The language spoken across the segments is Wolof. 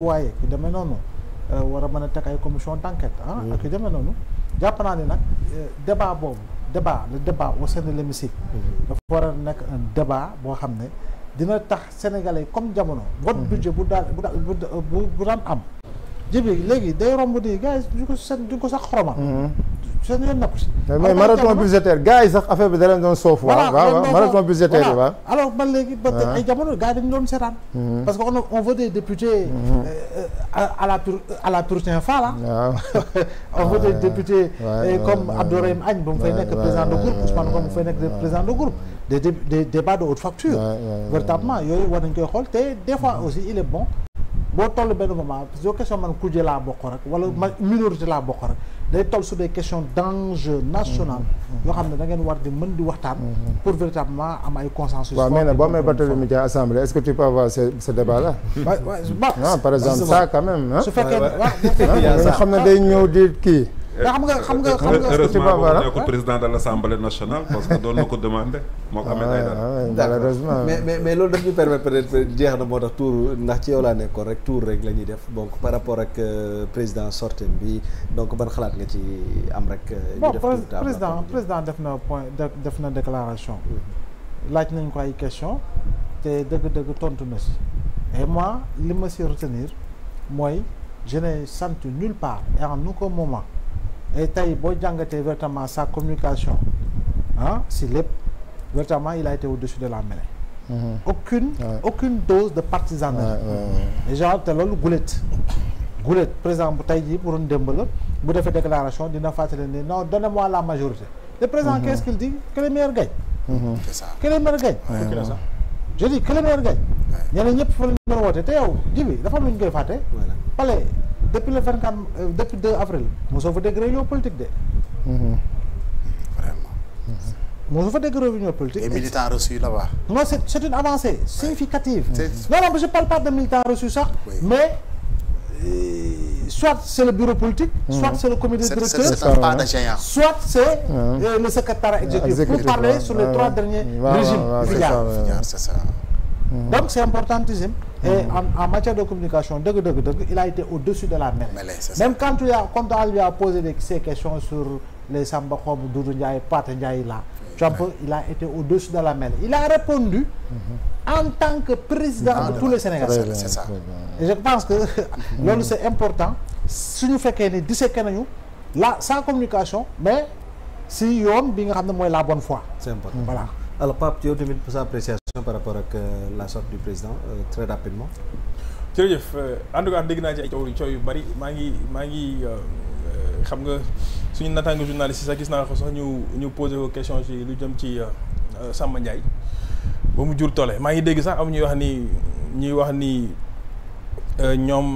waaye ki demee noonu euh, war a mën a teg ay commission d'enquête ah ak ki demee noonu jàpp naa ne nag euh, débat boobu débat le débat au sein de l'hémicycle mhm. dafa nekk un débat boo xam ne dina tax sénégalais comme jamono vote mhm. budget bu daal bu daan am jibi léegi day romb nii gars yi duñ ko seen duñ ko sax xoromal. Mhm. seen yoon nekku si. mais marathon budgétaire gars yi sax affaire bi da leen doon soof. voilà waaw marathon budgétaire yi waaw. alors man léegi ba ay jamono gaa yi dañu doon seetaan. Mhm. parce que on on veut des députés. Mhm. Euh, euh, à la pur à fa la. waaw on veut des députés. Euh, comme Abdourahim Agne ba mu fay nekk président de groupe Ousmane Ngom mu fay nekk président de groupe. des débats de haute facture. véritablement yooyu war nañ koy xool te des fois aussi il bon. boo toll benn moment parce que question man kuje laa bokk rek wala mm. minorité laa bokk rek day toll sur des questions d'enjeu national mm. yoo xam ne da ngeen war di mën di waxtaan mm-hmm. pour véritablement am ay consensus waaw mais nag boo amee Barthélémy Dias assemblée est-ce que tu peux avoir ce ce débat là ah, par exemple ça quand même su fekkee waaw xam ne day ñëw di kii Eh, ndax xam nga xam nga eh, xam nga heureusement boobu nekkul président de l' assemblée nationale parce que doon na ko demandé moo ko amee ay ah, ah, dara malheureusement mais mais mais loolu daf ñu permettre peut être jeex na moo tax tour ndax ci yow laa nekkoon rek tour rek la ñuy def donc par rapport ak euh, président sorti bi donc ban xalaat nga ci am rek euh, ñu def bon président président def na point def na déclaration mm-hmm. laaj nañ ko ay question te dëgg-dëgg tontu na si et moi li ma si retenir mooy je n'ai senti nulle part et en aucun moment et tey boo jàngatee véritablement sa communication ah si lépp véritablement il a été au-dessus de la mêlée. Mm-hmm. aucune ouais. aucune dose de partisanerie. déjà te loolu gulet. gulet par exemple tey jii bu doon démb bu defee déclaration dina fàttali ne non donnez-moi la majorité. le président mm-hmm. qu'est-ce qu'il dit que les meilleurs gagnent. Mm-hmm. c'est ça que les meilleurs gagnent. je dis que ñeneen ñëpp fa la ñu mën a wootee te yow ji dafa lu ñu koy fàtte. palais depuis le vingt quatre euh, depuis deux avril mosoo fa dégg réunion politique de. Mhm. vraiment. Mhm. mosoo fa dégg réunion politique. les militants reçus là-bas. non c' une avancée significative. non non je parle pas de militants reçus sax. mais euh, soit c' le bureau politique. Mhm. soit c' le comité de géant. soit c' est euh, le secrétaire exécutif pour parler sur les trois derniers régimes. waaw waaw c' est ça donc et en en matière de communication dëgg dëgg dëgg il a été au-dessus de la mêlée. mêlée c'est ça. quand tu as quand on lui a posé ces questions sur les Samba Xom Doudou Ndiaye Pate Ndiaye là. Trump il a été au-dessus de la mail il a répondu. Mm-hmm. en tant que président de ah, tous les Sénégalais. c'est ça et je pense que loolu c'est important suñu fekkee ni disséqué nañu la sans communication mais si yoon bi nga xam ne mooy la bonne foi. c'est important voilà par rapport ak euh, la sortie du président euh, très rapidement. jërëjëf euh, en tout cas dégg naa ci ay coow yu bari maa ngi maa ngi xam nga suñu nattaango journaliste sax gis naa ko sax ñu ñu posé ko question ci lu jëm ci Samba Ndiaye ba mu jur toole maa ngi dégg sax am ñuy wax ni ñuy wax ni ñoom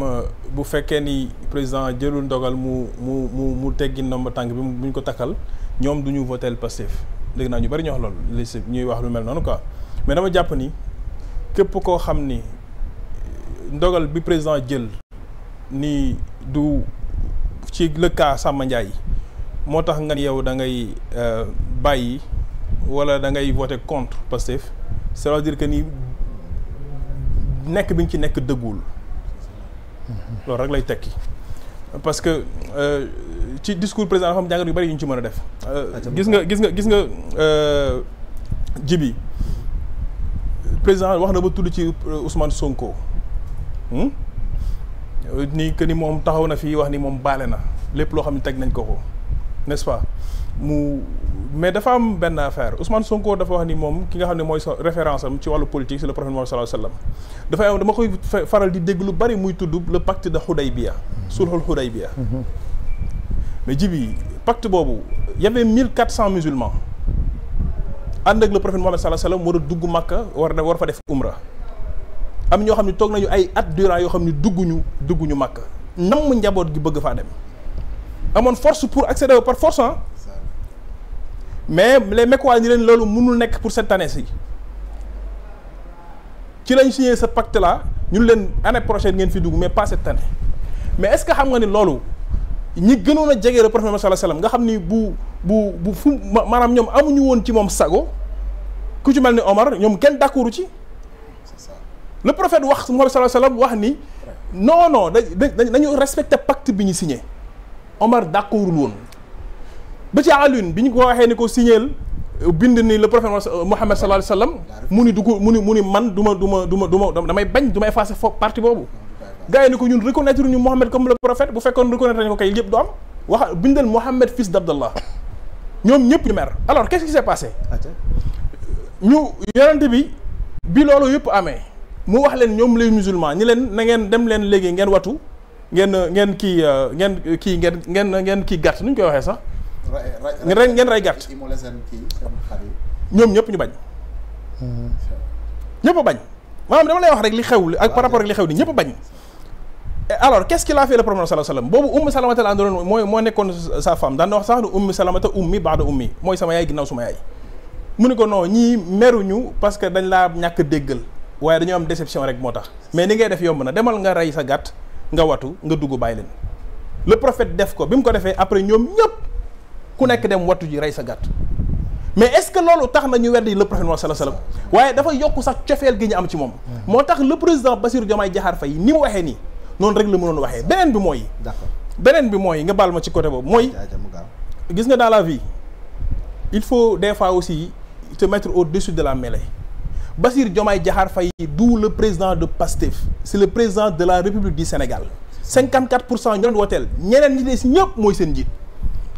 bu fekkee ni président jëlul ndogal mu mu mu mu teggi ndomba tànk bi mu ñu ko takkal ñoom du ñu votel Pastef dégg naa ñu bari ñu wax loolu li ñuy wax lu mel noonu quoi. mais dama jàpp ni képp koo xam ni ndogal bi président jël nii du ci le cas Samba moo tax nga yow da ngay euh, bàyyi wala da ngay voter contre Pastef ça veut dire que nii nekk bi nga ci nekk dëggul loolu rek lay tekki parce que euh, ci discours président dafa am jàngat yu bari yu ñu ci mën a def. Euh, gis nga gis nga gis nga jibi président wax na ba tudd ci euh, Ousmane Sonko hmm? ni que ni moom taxaw na fii wax ni moom baale na lépp loo xam ne teg nañ ko ko n'est-ce pas mu mais dafa am benn affaire Ousmane Sonko dafa wax ni moom ki nga xam ne mooy so référence am ci wàllu politique c'est le prophète Muhammad sallallahu alayhi wasallam dafay am dama koy faral di dégg lu muy tudd le pacte de Hudaybiya sulhul Hudaybiya mm-hmm. mais jibi pacte boobu y mille quatre cents musulmans ànd ak le prophète Mohammed sallallahu alayhi wa sallam war a dugg Makka war war fa def umra am ñoo xam ne toog nañu ay at durant yoo xam ne dugguñu dugguñu ñu nam mu njaboot gi bëgg faa dem amoon force pour accéder par force ah mais les Mecquois ñu leen loolu mënul nekk pour cette année ci ci lañ si ce pacte là ñun leen année prochaine ngeen fi dugg mais pas cette année mais est-ce que xam nga ni loolu ñi gënoon a jege rek prophète sallallahu alayhi wasallam nga xam ni bu bu bu fu maanaam ñoom amuñu woon ci moom sago ku ci mel ni Omar ñoom kenn d'accord ci le prophète wax Muhammad sallallahu alayhi wasallam wax ni non non dañ dañu respecté pacte bi ñu signé Omar d'accordul woon ci Alioune bi ñu ko waxee ni ko signeel bind ni le prophète Muhammad sallallahu alayhi wasallam mu ni du ko mu ni mu ni man du ma du ma du ma du ma damay bañ du may effacé fo parti boobu gars ko ñun reconnaître ñu Mohammed comme le prophète bu fekkoon reconnaître nañu ko kay yëpp du am wax bindal Mohammed fils d'Abdallah ñoom ñëpp ñu mer alors qu'est-ce qui s'est bi bi loolu yëpp amee mu wax leen ñoom les musulmans ñi leen na ngeen dem leen léegi ngeen watu ngeen ngeen kii euh, ngeen kii ngeen ngeen ngeen kii gàtt nu koy waxee sax ngeen rey gàtt ñoom ñëpp ñu bañ hmm. ñëpp bañ maanaam dama lay wax rek li xew ak par rapport ak li xew ni ñëpp bañ alors qu'est-ce qu'il a fait le prophète sallallahu alayhi wa sallam boobu ummi salamata sa femme daan mooy sama yaay ginnaaw mu ne ko non ñii meruñu parce que dañ laa ñàkk déggal waaye dañoo am déception rek moo tax mais ni ngay def yomb na demal nga rey sa gàtt nga watu nga dugg bàyyi leen le prophète def ko bi mu ko defee après ñoom ñëpp ku nekk dem wattu ji rey sa gàtt mais est-ce que loolu tax na ñu weddi le prophète sallallahu alayhi wasallam waaye dafa yokk sax cofeel gi ñu am ci moom hmm. moo tax le président Bassirou Diomaye Diakhar Faye ni mu waxee nii noonu rek la mënoon waxee beneen bi mooy. d'accord beneen bi mooy nga baal ma ci côté boobu mooy. gis nga dans la vie il faut des fois aussi te mettre au-dessus de la mêlée. Bassirou Diomaye jaxaar fay d'où le président de PASTEF c'est le président de la République du Sénégal 54 pour cent ñu woteel ñeneen ñi des ñëpp mooy seen njiit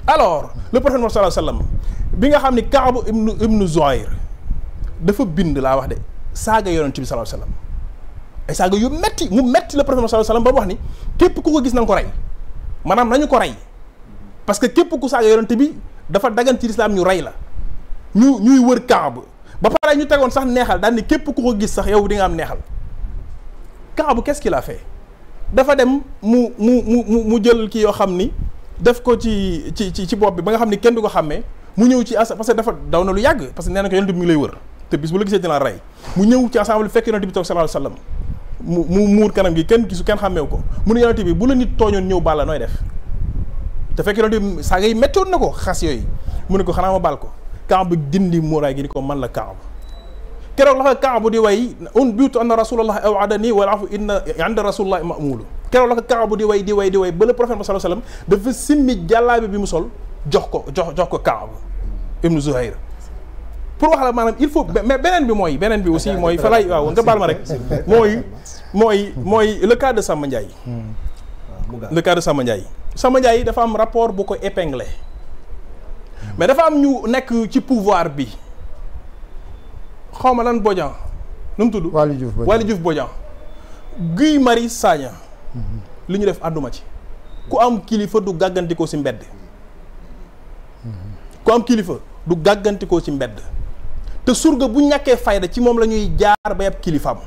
alors le prophète Muhammad sallallahu alayhi wa bi nga xam ne Kaabu ibnu ibnu Zuhayr dafa bind laa wax de saaga yonent bi sallallahu alayhi wa ay saaga yu metti mu metti la prophète sallallahu alayhi wasallam ba wax ni képp ku ko gis na ko rey maanaam nañu ko rey parce que képp ku saaga yonent bi dafa dagan ci lislaam ñu rey la ñu ñuy wër kaab ba pare ñu tegoon sax neexal daal ni képp ku ko gis sax yow di nga am neexal kaab qu'est-ce qu'il dafa dem mu mu mu mu jël ki yoo xam ni def ko ci ci ci ci bopp bi ba nga xam ni kenn du ko xàmmee mu ñëw ci as parce dafa daw na lu yàgg parce que nee na ko yonent bi mu mu muur kanam gi kenn gisu kenn xàmmeewu ko mu ne yonent bi bu la nit tooñoon ñëw baal la nooy def te fekk yonent bi saaga yi méttoon na ko xas yooyu mu ne ko xanaa ma baal ko Kaab bi dindi muuraay gi ni ko man la Kaab keroog la ko Kaab di way un biutu anna rasulallah awadani wal afu inna inda rasulillah mamulu keroog la ko di way di way di way ba le prophète bi sallallahu alayhi wasallam dafa simmi jàllaabe bi mu sol jox ko jox jox ko Kaab ibnu Zuhayr pour wax la maanaam il faut beneen bi mooy beneen bi aussi mooy fa lay waaw nga baal ma rek mooy mooy mooy le cas de Samba Ndiaye. le cas de Samba yi Samba Ndiaye dafa am rapport bu ko épinglé mais dafa am ñu nekk ci pouvoir bi xaw ma lan Bodian nu mu tudd. Waly Diouf Bodian Waly Diouf Bodian. Guy Marius Sagna. li ñu def àdduma ci. ku am kilifa du gàggantikoo ci mbedd. ku am kilifa du gàggantikoo ci mbedd. te surga bu ñàkkee fayda ci moom la ñuy jaar ba yab kilifaam.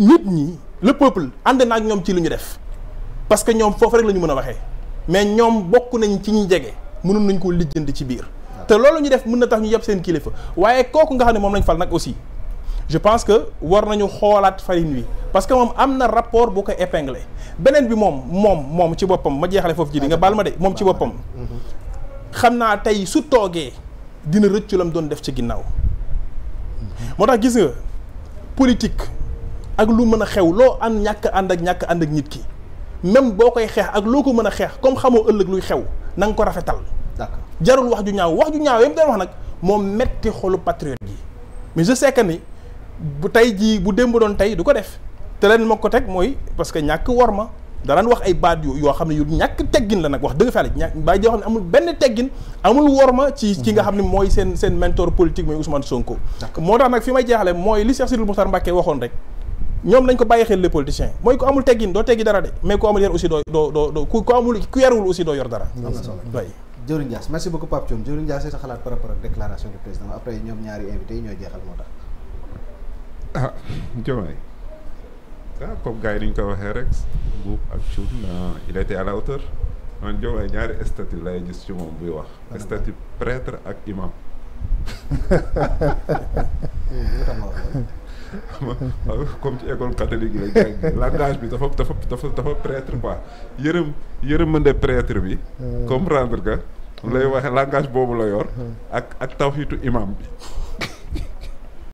nit ñi le peuple ànd na ak ñoom ci lu ñu def parce que ñoom foofu rek la ñu mën a waxe mais ñoom bokk nañ ci ñi jege mënoon nañ ko lijjanti ci biir. Ah. te loolu ñu def mën na tax ñu yeb seen fa waaye kooku nga xam ne moom lañ fal nag aussi je pense que war nañu xoolaat farine wi parce que moom am na rapport bu ko épinglé beneen bi moom moom moom ci boppam ma jeexale foofu ji di nga ah, baal ma de moom ci boppam. Mm-hmm. xam naa tey su toogee dina rëccu lam doon def ci ginnaaw mm-hmm. moo tax gis nga politique. ak lu mën a xew loo ànd ñàkk ànd ak ñàkk ànd ak nit ki même boo koy xeex ak loo ko mën a xeex comme xamoo ëllëg luy xew na nga ko rafetal. d'accord jarul wax ju ñaaw wax ju ñaaw yam doon wax nag moo metti xolu patriote yi mais su sais ni bu tey jii bu démb doon tey du ko def te leen ma ko teg mooy war ma danaan wax ay baat yu yoo ñàkk teggin la nag wax dëgg fa la ñàkk benn teggin amul wor ma ci ki nga xam ne mooy seen seen mentor politique mooy Ousmane Sonko. moo tax nag fi may jeexale mooy li Cheikh Sidil Mokhtar Mbacké waxoon rek. ñoom nañ ko bàyyi xel les politiciens mooy ku amul teggin doo teggi dara de mais ku amul yar aussi doo doo doo ku amul ku yarul aussi doo yor dara. am na solo doy. Dieuwrine Ndiaye merci beaucoup Pape Thion Dieuwrine sa xalaat par déclaration du président après ñoom ñaari invité yi ñoo jeexal moo tax. ah Diomaye ah, comme gars yi ñu ko waxee rek ak Thion ah, il était à la hauteur man Diomaye ñaari statut lay gis ci moom buy wax. statut prêtre ak imam. comme ci école catholique yi la jàng langage bi dafa dafa dafa dafa prêtre quoi yërëm yërëmande prêtre bi hmm. comprendre que lay waxe langage boobu la yor hmm. ak ak taw tawxiitu imam bi